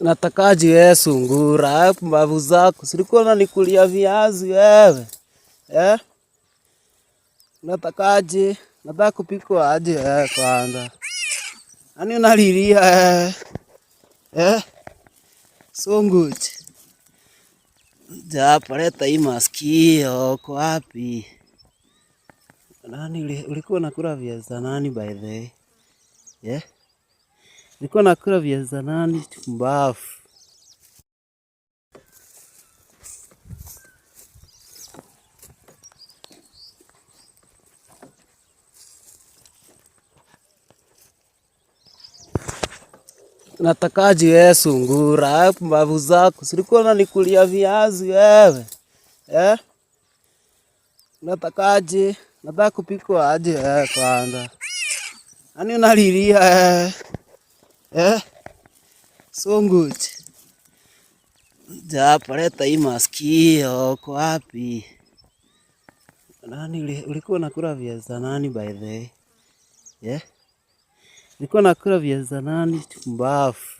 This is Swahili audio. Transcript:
Natakaji we sungura, mbavu zako silikuwa nanikulia viazi wewe eh? Natakaji, nataka kupikwa aje eh? Kwanza ani unalilia eh? Eh? Sunguji japa leta hii maskio uko wapi? Nani ulikuwa nakula viazi nani by the way? Yeah? Nilikuwa nakula viazi za nani mbafu. Natakaji wewe sungura, mbavu zako silikuwa nanikulia viazi wewe eh? Natakaji nataka kupikwa aje eh, kwanza, yaani unalilia eh? Eh? So good. Japa, leta hii hiyo uko wapi? Nani ulikuwa unakula viazi za nani by the way? Eh? Ulikuwa unakula viazi za nani mbafu?